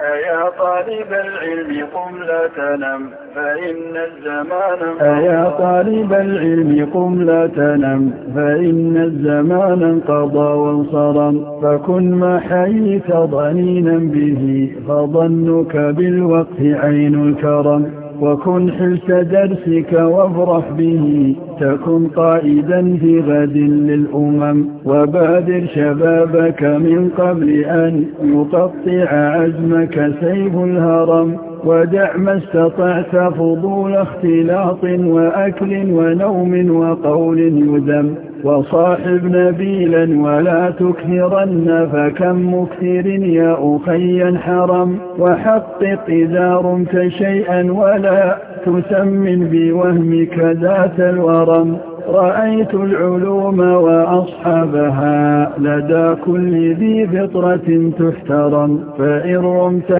أيا طالب العلم قم لا تنم فإن الزمان أيا طالب العلم قم لا تنم فإن الزمان انقضى وانصرم فكن ما حييت ضنينا به فظنك بالوقت عين الكرم وكن حلس درسك وافرح به تكن قائدا في غد للأمم وبادر شبابك من قبل أن يقطع عزمك سيف الهرم ودع ما استطعت فضول اختلاط وأكل ونوم وقول يذم وصاحب نبيلا ولا تكثرن فكم مكثر يا أخي حرم وحقق إذا رمت شيئا ولا تسمن بوهمك ذات الورم رأيت العلوم وأصحابها لدى كل ذي فطرة تحترم فإن رمت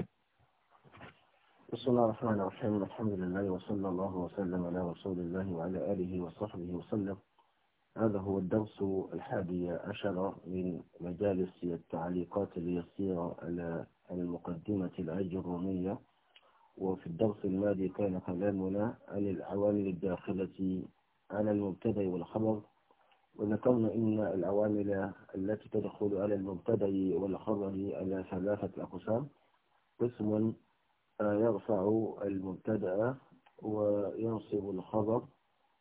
بسم الله الرحمن الرحيم الحمد لله وصلى الله وسلم على رسول الله وعلى آله وصحبه وسلم هذا هو الدرس الحادي عشر من مجالس التعليقات اليسيرة على المقدمة الأجرومية وفي الدرس الماضي كان كلامنا عن العوامل الداخلة على المبتدأ والخبر وذكرنا إن العوامل التي تدخل على المبتدأ والخبر على ثلاثة أقسام قسم يرفع المبتدأ وينصب الخبر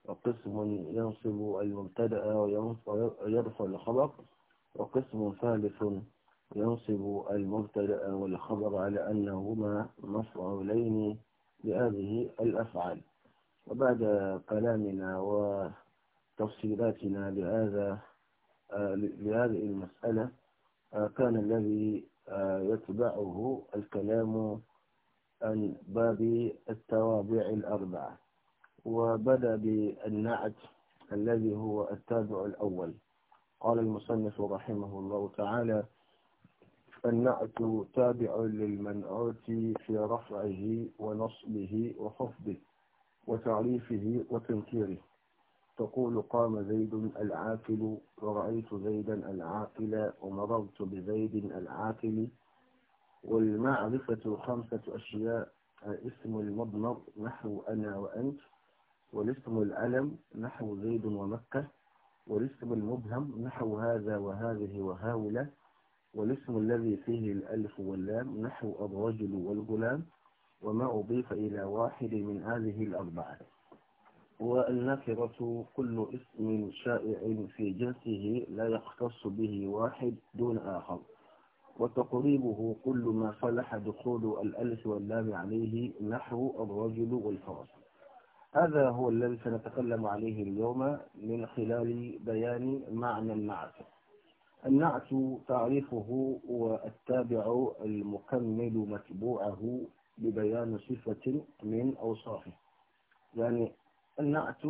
وقسم ينصب المبتدا ويرفع الخبر وقسم ثالث ينصب المبتدا والخبر على أنهما مفعولين بهذه الأفعال وبعد كلامنا وتفصيلاتنا لهذا لهذه المسألة كان الذي يتبعه الكلام عن باب التوابع الأربعة وبدأ بالنعت الذي هو التابع الأول قال المصنف رحمه الله تعالى النعت تابع للمنعوت في رفعه ونصبه وحفظه وتعريفه وتنكيره تقول قام زيد العاقل ورأيت زيدا العاقل ومررت بزيد العاقل والمعرفة خمسة أشياء اسم المضمر نحو أنا وأنت والاسم الألم نحو زيد ومكة والاسم المبهم نحو هذا وهذه وهاولة والاسم الذي فيه الألف واللام نحو الرجل والغلام وما أضيف إلى واحد من هذه الأربعة والنكرة كل اسم شائع في جنسه لا يختص به واحد دون آخر وتقريبه كل ما صلح دخول الألف واللام عليه نحو الرجل والفرس هذا هو الذي سنتكلم عليه اليوم من خلال بيان معنى النعت النعت تعريفه والتابع المكمل متبوعه ببيان صفة من أوصافه يعني النعت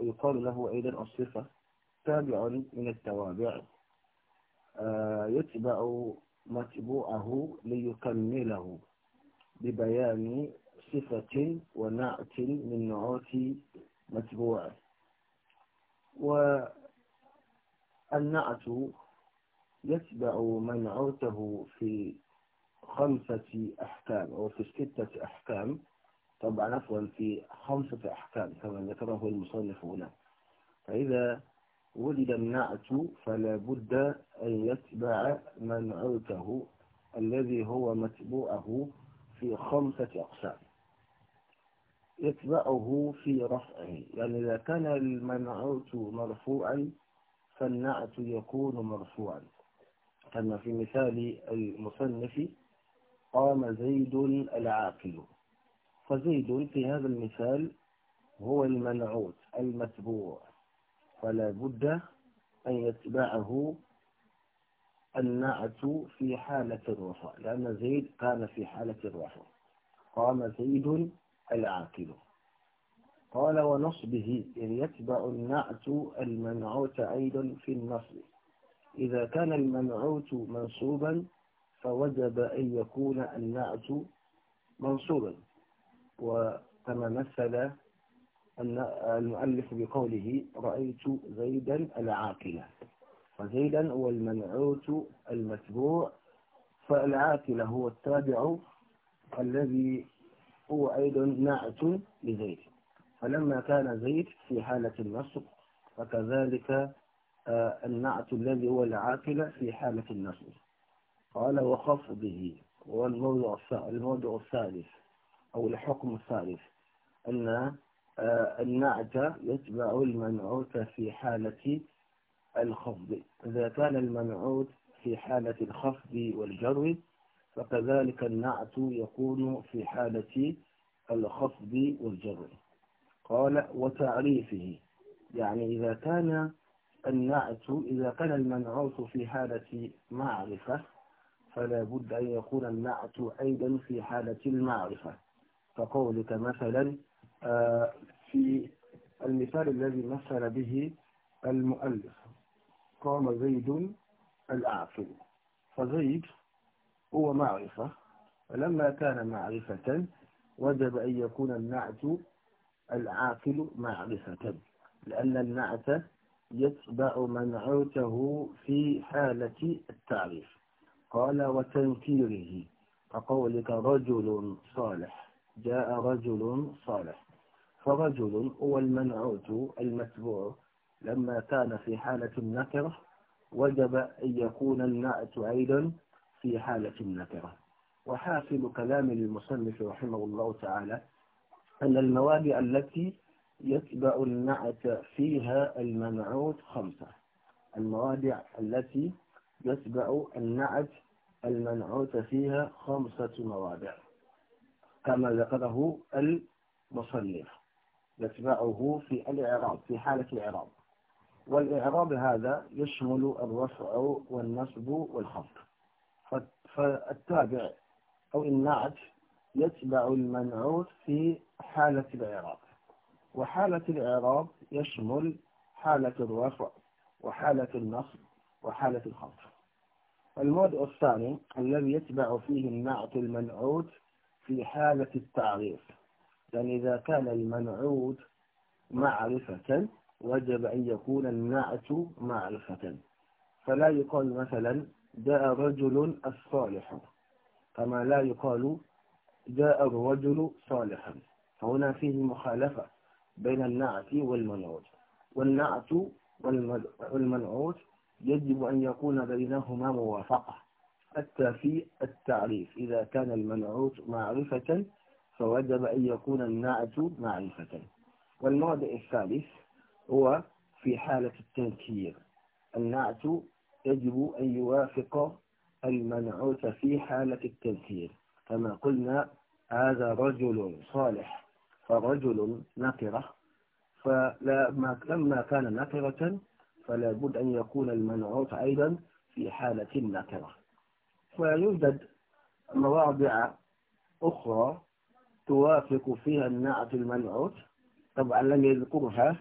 يقال له أيضا الصفة تابع من التوابع آه، يتبع متبوعه ليكمله ببيان صفة ونعت من نعوت متبوعة والنعت يتبع من عوته في خمسة أحكام أو في ستة أحكام طبعا عفوا في خمسة أحكام كما ذكره المصنف هنا فإذا ولد النعت فلا بد أن يتبع من عوته الذي هو متبوعه في خمسة أقسام يتبعه في رفعه يعني إذا كان المنعوت مرفوعا فالنعت يكون مرفوعا كما في مثال المصنف قام زيد العاقل فزيد في هذا المثال هو المنعوت المتبوع فلا بد أن يتبعه النعت في حالة الرفع لأن زيد كان في حالة الرفع قام زيد العاقل قال ونصبه إذ يتبع النعت المنعوت أيضا في النصب إذا كان المنعوت منصوبا فوجب أن يكون النعت منصوبا وكما مثل المؤلف بقوله رأيت زيدا العاقلة فزيدا هو المنعوت المتبوع فالعاقلة هو التابع الذي هو أيضا نعت لزيد فلما كان زيد في حالة النصب فكذلك آه، النعت الذي هو العاقلة في حالة النصب قال وخفضه هو الموضع الثالث أو الحكم الثالث أن آه، النعت يتبع المنعوت في حالة الخفض إذا كان المنعوت في حالة الخفض والجرد فكذلك النعت يكون في حالة الخفض والجر قال وتعريفه يعني إذا كان النعت إذا كان المنعوت في حالة معرفة فلا بد أن يكون النعت أيضا في حالة المعرفة كقولك مثلا آه، في المثال الذي مثل به المؤلف قام زيد الأعفو فزيد هو معرفة فلما كان معرفة وجب أن يكون النعت العاقل معرفة لأن النعت يتبع منعوته في حالة التعريف قال وتنكيره كقولك رجل صالح جاء رجل صالح فرجل هو المنعوت المتبوع لما كان في حالة النكرة وجب أن يكون النعت أيضا في حالة النكرة وحاصل كلام المصنف رحمه الله تعالى أن المواد التي يتبع النعت فيها المنعوت خمسة المواد التي يتبع النعت المنعوت فيها خمسة مواد كما ذكره المصنف يتبعه في الإعراب في حالة الإعراب والإعراب هذا يشمل الرفع والنصب والخفض فالتابع أو النعت يتبع المنعوت في حالة الإعراب وحالة الإعراب يشمل حالة الرفع وحالة النصب وحالة الخفض الموضع الثاني الذي يتبع فيه النعت المنعوت في حالة التعريف يعني إذا كان المنعوت معرفة وجب أن يكون النعت معرفة فلا يقال مثلا جاء رجل الصالح كما لا يقال جاء الرجل صالحا فهنا فيه مخالفة بين النعت والمنعوت والنعت والمنعوت يجب أن يكون بينهما موافقة حتى في التعريف إذا كان المنعوت معرفة فوجب أن يكون النعت معرفة والموضع الثالث هو في حالة التنكير النعت يجب أن يوافق المنعوت في حالة التذكير كما قلنا هذا رجل صالح فرجل نقرة فلما كان نقرة فلا بد أن يكون المنعوت أيضا في حالة النكرة ويوجد مواضع أخرى توافق فيها النعت المنعوت طبعا لم يذكرها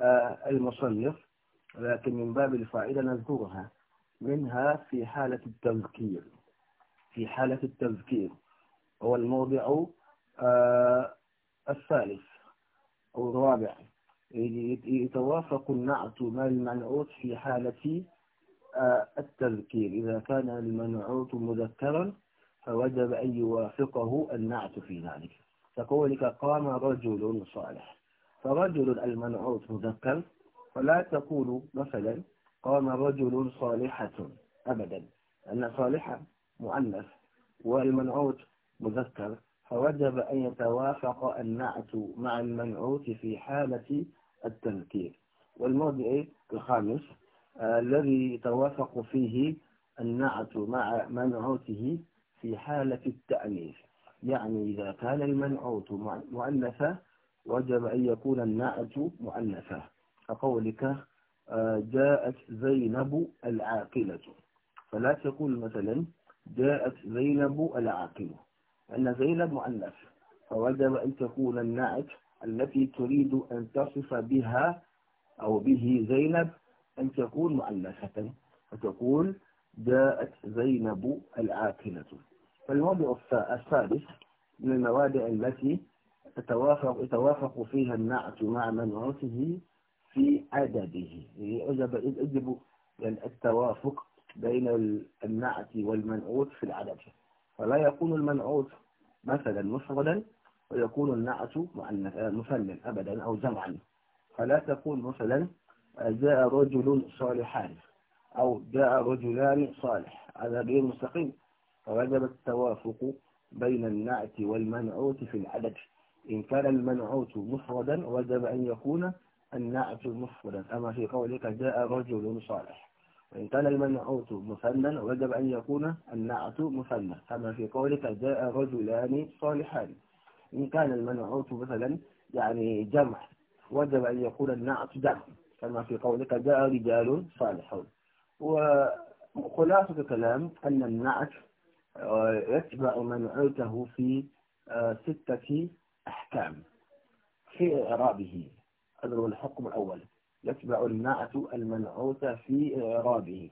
آه، المصنف لكن من باب الفائدة نذكرها منها في حالة التذكير في حالة التذكير هو الموضع آه الثالث أو الرابع يتوافق النعت مع المنعوت في حالة آه التذكير إذا كان المنعوت مذكرا فوجب أن يوافقه النعت في ذلك كقولك قام رجل صالح فرجل المنعوت مذكر فلا تقول مثلا قام رجل صالحة أبدا أن صالحة مؤنث والمنعوت مذكر فوجب أن يتوافق النعت مع المنعوت في حالة التذكير والموضع إيه؟ الخامس آه، الذي يتوافق فيه النعت مع منعوته في حالة التأنيث يعني إذا كان المنعوت مؤنثا وجب أن يكون النعت مؤنثة كقولك جاءت زينب العاقلة فلا تقول مثلا جاءت زينب العاقلة أن زينب مؤنث فوجب أن تكون النعت التي تريد أن تصف بها أو به زينب أن تكون مؤنثة فتقول جاءت زينب العاقلة فالوضع السادس من المواد التي تتوافق يتوافق فيها النعت مع منعته في عدده يجب إيه، التوافق بين النعت والمنعوت في العدد فلا يكون المنعوت مثلا مفردا ويكون النعت مثلا أبدا أو جمعا فلا تكون مثلا آه، جاء رجل صالحان أو جاء رجلان صالح هذا غير مستقيم فوجب التوافق بين النعت والمنعوت في العدد إن كان المنعوت مفردا وجب أن يكون النائب المفرد أما في قولك جاء رجل صالح وإن كان المنعوت مثنى وجب أن يكون النعت مثنى كما في قولك جاء رجلان صالحان إن كان المنعوت مثلا يعني جمع وجب أن يكون النعت جمع كما في قولك جاء رجال صالحون وخلاصة الكلام أن النعت آه، يتبع منعوته في آه، ستة أحكام في إعرابه هذا هو الحكم الأول يتبع النعت المنعوت في إعرابه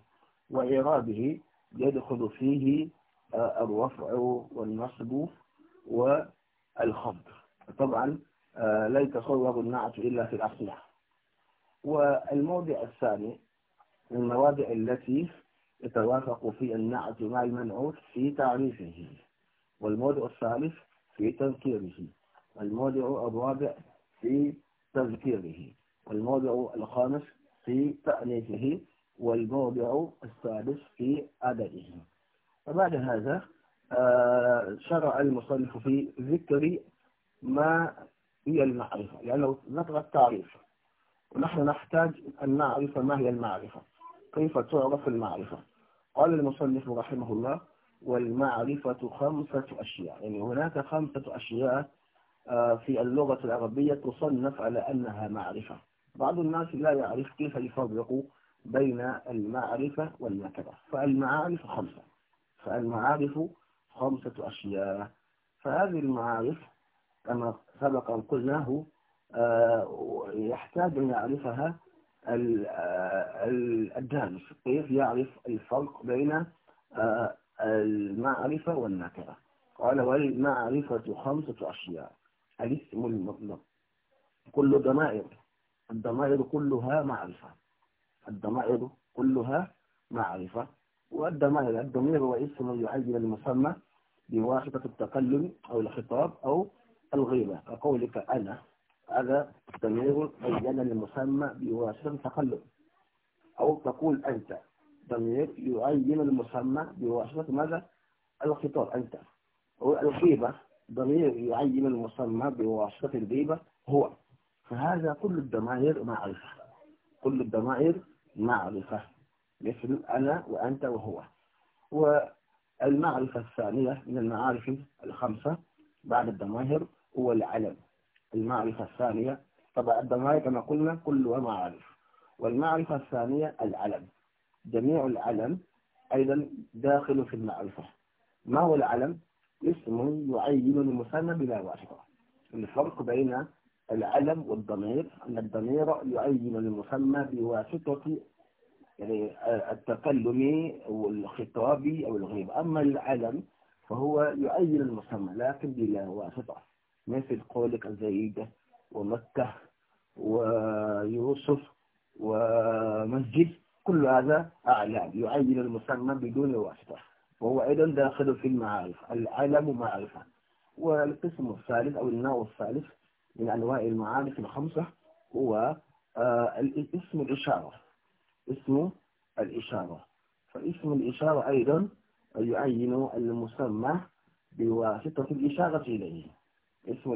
وإعرابه يدخل فيه آه، الرفع والنصب والخفض طبعا آه، لا يتصور النعت إلا في الأصلح والموضع الثاني من المواضع التي يتوافق في النعت مع المنعوت في تعريفه والموضع الثالث في تنكيره الموضع الرابع في تذكيره والموضع الخامس في تأنيثه والموضع السادس في أدائه وبعد هذا آه، شرع المصنف في ذكر ما هي المعرفة لأنه ذكر التعريف ونحن نحتاج أن نعرف ما هي المعرفة كيف تعرف المعرفة قال المصنف رحمه الله والمعرفة خمسة أشياء يعني هناك خمسة أشياء آه، في اللغة العربية تصنف على أنها معرفة بعض الناس لا يعرف كيف يفرق بين المعرفة والنكرة فالمعارف خمسة فالمعارف خمسة أشياء فهذه المعارف كما سبق أن قلناه آه، يحتاج أن يعرفها آه، الدارس كيف يعرف الفرق بين المعرفة والنكرة قال والمعرفة خمسة أشياء الاسم المطلق كل ضمائر الضمائر كلها معرفة الضمائر كلها معرفة والضمائر الضمير هو اسم يعين المسمى بواسطة التكلم أو الخطاب أو الغيبة كقولك أنا هذا ضمير عين المسمى بواسطة التكلم أو تقول أنت ضمير يعين المسمى بواسطة ماذا؟ الخطاب أنت أو الغيبة ضمير يعين المسمى بواسطة البيبة هو فهذا كل الضمائر معرفة كل الضمائر معرفة مثل أنا وأنت وهو والمعرفة الثانية من المعارف الخمسة بعد الضمائر هو العلم المعرفة الثانية طبعا الضمائر كما قلنا كلها معارف والمعرفة الثانية العلم جميع العلم أيضا داخل في المعرفة ما هو العلم؟ اسم يعين المثنى بلا واسطة الفرق بين العلم والضمير أن الضمير يعين المسمى بواسطة يعني التكلم والخطاب أو الغيب أما العلم فهو يعين المسمى لكن بلا واسطة مثل قولك زيد ومكة ويوسف ومسجد كل هذا أعلام يعين المسمى بدون واسطة وهو أيضا داخل في المعارف العلم معرفة والقسم الثالث أو النوع الثالث من أنواع المعارف الخمسة هو آه، اسم الإشارة اسم الإشارة فاسم الإشارة أيضا يعين المسمى بواسطة الإشارة إليه اسم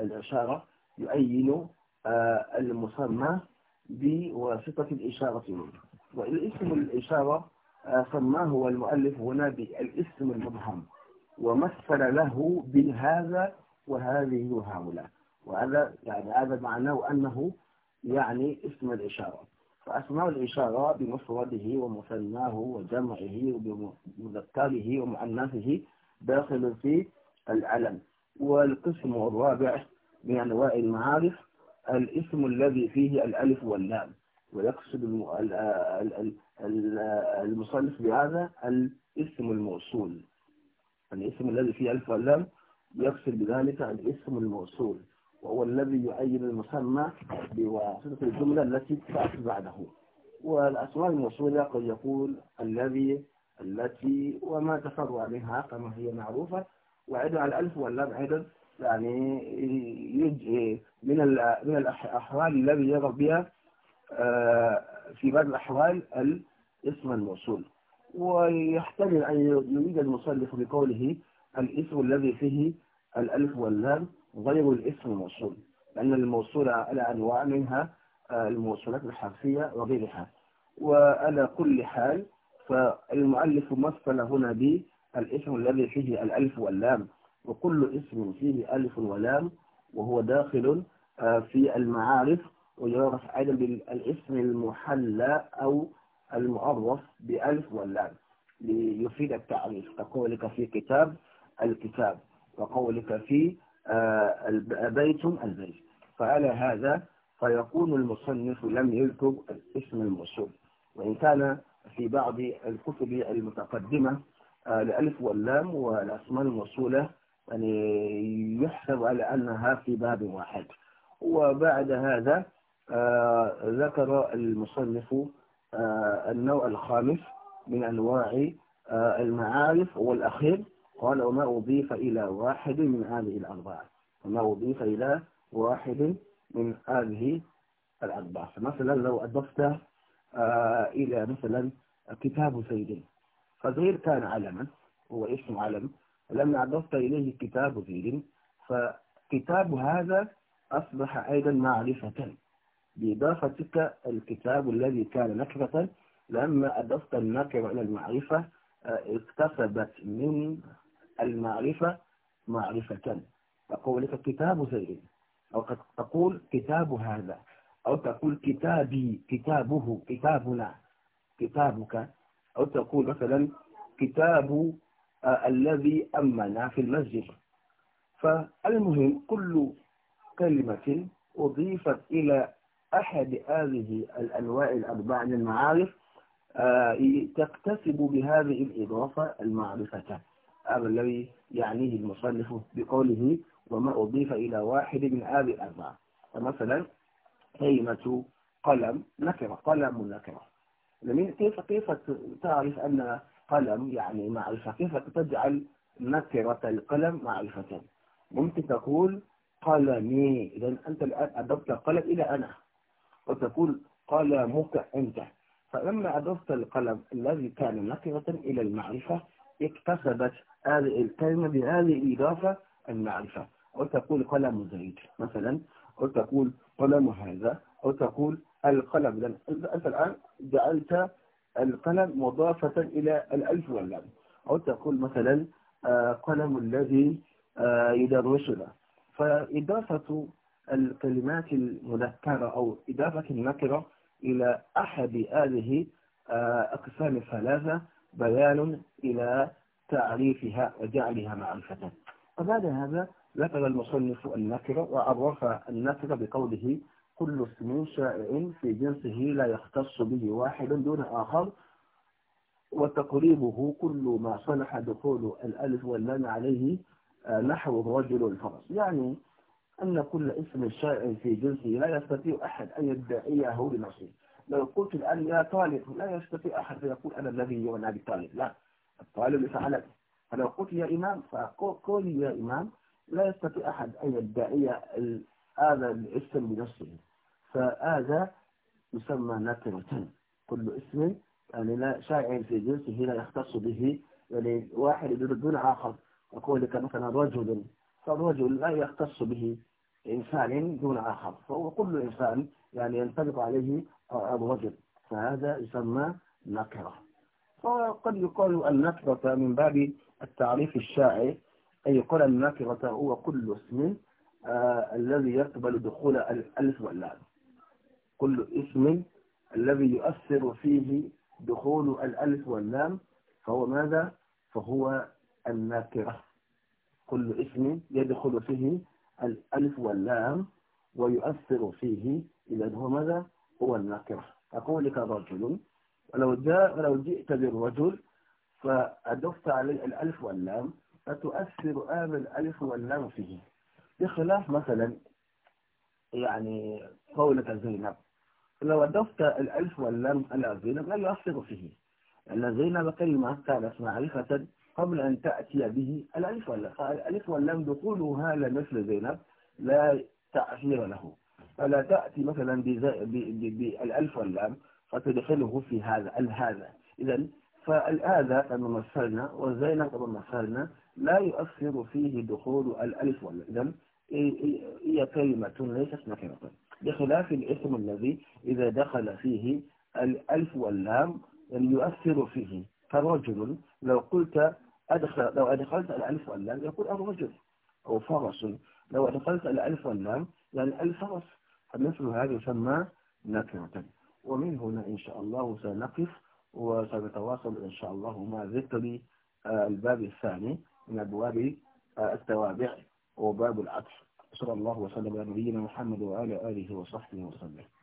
الإشارة يعين آه، المسمى بواسطة الإشارة إليه واسم الإشارة سماه المؤلف هنا بالاسم المبهم ومثل له بهذا وهذه وهؤلاء وهذا يعني هذا معناه أنه يعني اسم الإشارة فأسماء الإشارة بمفرده ومثناه وجمعه وبمذكره ومؤنثه داخل في العلم والقسم الرابع من أنواع المعارف الاسم الذي فيه الألف واللام ويقصد المصنف بهذا الاسم الموصول الاسم يعني الذي فيه ألف واللام يفصل بذلك الاسم الموصول وهو الذي يعين المسمى بواسطة الجملة التي تأتي بعده والأسماء الموصولة قد يقول الذي التي وما تفرع منها كما هي معروفة وعد على الألف واللام أيضا يعني يجي من من الأحوال الذي يضرب بها آه، في بعض الأحوال اسم الموصول ويحتمل أن يريد المصنف بقوله الاسم الذي فيه الألف واللام غير الاسم الموصول لأن الموصول على أنواع منها آه، الموصولات الحرفية وغيرها وعلى كل حال فالمؤلف مثل هنا بالاسم الذي فيه الألف واللام وكل اسم فيه ألف ولام وهو داخل آه، في المعارف ويعرف أيضا بالاسم المحلى أو المعرف بألف واللام ليفيد التعريف كقولك في كتاب الكتاب وقولك في آه، بيت البيت فعلى هذا فيكون المصنف لم يذكر اسم الموصول وإن كان في بعض الكتب المتقدمة الألف آه، واللام والأسماء الموصولة يعني يحسب على أنها في باب واحد وبعد هذا آه، ذكر المصنف آه، النوع الخامس من أنواع آه، المعارف والأخير قال وما أضيف إلى واحد من هذه الأربعة وما أضيف إلى واحد من هذه الأربعة فمثلا لو أضفت آه، إلى مثلا كتاب زيد فزيد كان علما هو اسم علم لما أضفت إليه كتاب زيد فكتاب هذا أصبح أيضا معرفة بإضافتك الكتاب الذي كان نكبة لما أضفت النكبة إلى المعرفة آه، اكتسبت من المعرفة معرفة تقول لك كتاب زيد أو قد تقول كتاب هذا أو تقول كتابي كتابه كتابنا كتابك أو تقول مثلا كتاب آه، الذي أمنا في المسجد فالمهم كل كلمة أضيفت إلى أحد هذه الأنواع الأربعة من المعارف آه، تكتسب بهذه الإضافة المعرفة هذا الذي يعنيه المصنف بقوله وما أضيف إلى واحد من هذه الأربع فمثلا كلمة قلم نكرة قلم نكرة كيف كيف تعرف أن قلم يعني معرفة كيف تجعل نكرة القلم معرفة ممكن تقول قلمي إذا أنت الآن أضفت القلم إلى أنا وتقول قلمك أنت فلما أضفت القلم الذي كان نقرة إلى المعرفة اكتسبت هذه الكلمة بهذه الإضافة المعرفة أو تقول قلم زيد مثلا أو تقول قلم هذا أو تقول القلم أنت الآن جعلت القلم مضافة إلى الألف واللام أو تقول مثلا آه، قلم الذي آه، يدرسنا فإضافة الكلمات المذكرة أو إضافة النكرة إلى أحد هذه آه، أقسام الثلاثة بيان إلى تعريفها وجعلها معرفة وبعد هذا ذكر المصنف النكرة وعرف النكرة بقوله كل اسم شائع في جنسه لا يختص به واحد دون آخر وتقريبه كل ما صلح دخول الألف واللام عليه آه، نحو الرجل الفرس يعني أن كل اسم شائع في جنسه لا يستطيع أحد أن يدعيه لنفسه لو قلت الآن يا طالب لا يستطيع أحد أن يقول أنا الذي يعنى أبي طالب لا الطالب فعلت فلو قلت يا إمام فقولي يا إمام لا يستطيع أحد أن يدعي هذا الاسم بنفسه فهذا يسمى نكرة كل اسم يعني لا شائع في جنسه لا يختص به يعني واحد يدل دون آخر أقول لك مثلا رجل فالرجل لا يختص به إنسان دون آخر وكل إنسان يعني ينطبق عليه الرجل فهذا يسمى نكرة وقد يقال النكرة من باب التعريف الشائع أي يقال النكرة هو كل اسم آه الذي يقبل دخول الألف واللام كل اسم الذي يؤثر فيه دخول الألف واللام فهو ماذا؟ فهو النكرة كل اسم يدخل فيه الألف واللام ويؤثر فيه إذا هو ماذا؟ هو النكر أقول لك رجل ولو جاء ولو جئت بالرجل فأدفت عليه الألف واللام فتؤثر آب الألف واللام فيه بخلاف مثلا يعني قولك زينب لو أدفت الألف واللام على زينب لا يؤثر فيه لأن زينب كلمة كانت معرفة قبل أن تأتي به الألف واللام الألف واللام دخولها لمثل زينب لا تأثير له فلا تأتي مثلا بالألف واللام فتدخله في هذا الهذا إذا فالآذى كما مثلنا وزينب كما مثلنا لا يؤثر فيه دخول الألف واللام إذا هي كلمة ليست نكرة بخلاف الاسم الذي إذا دخل فيه الألف واللام يؤثر فيه فرجل لو قلت أدخل لو أدخلت الألف واللام يقول الرجل أو فرس لو أدخلت الألف واللام يعني الفرس فمثل هذا يسمى نكرة ومن هنا إن شاء الله سنقف وسنتواصل إن شاء الله مع ذكر آه، الباب الثاني من أبواب آه، التوابع وباب العطف صلى الله وسلم على نبينا محمد وعلى آله وصحبه وسلم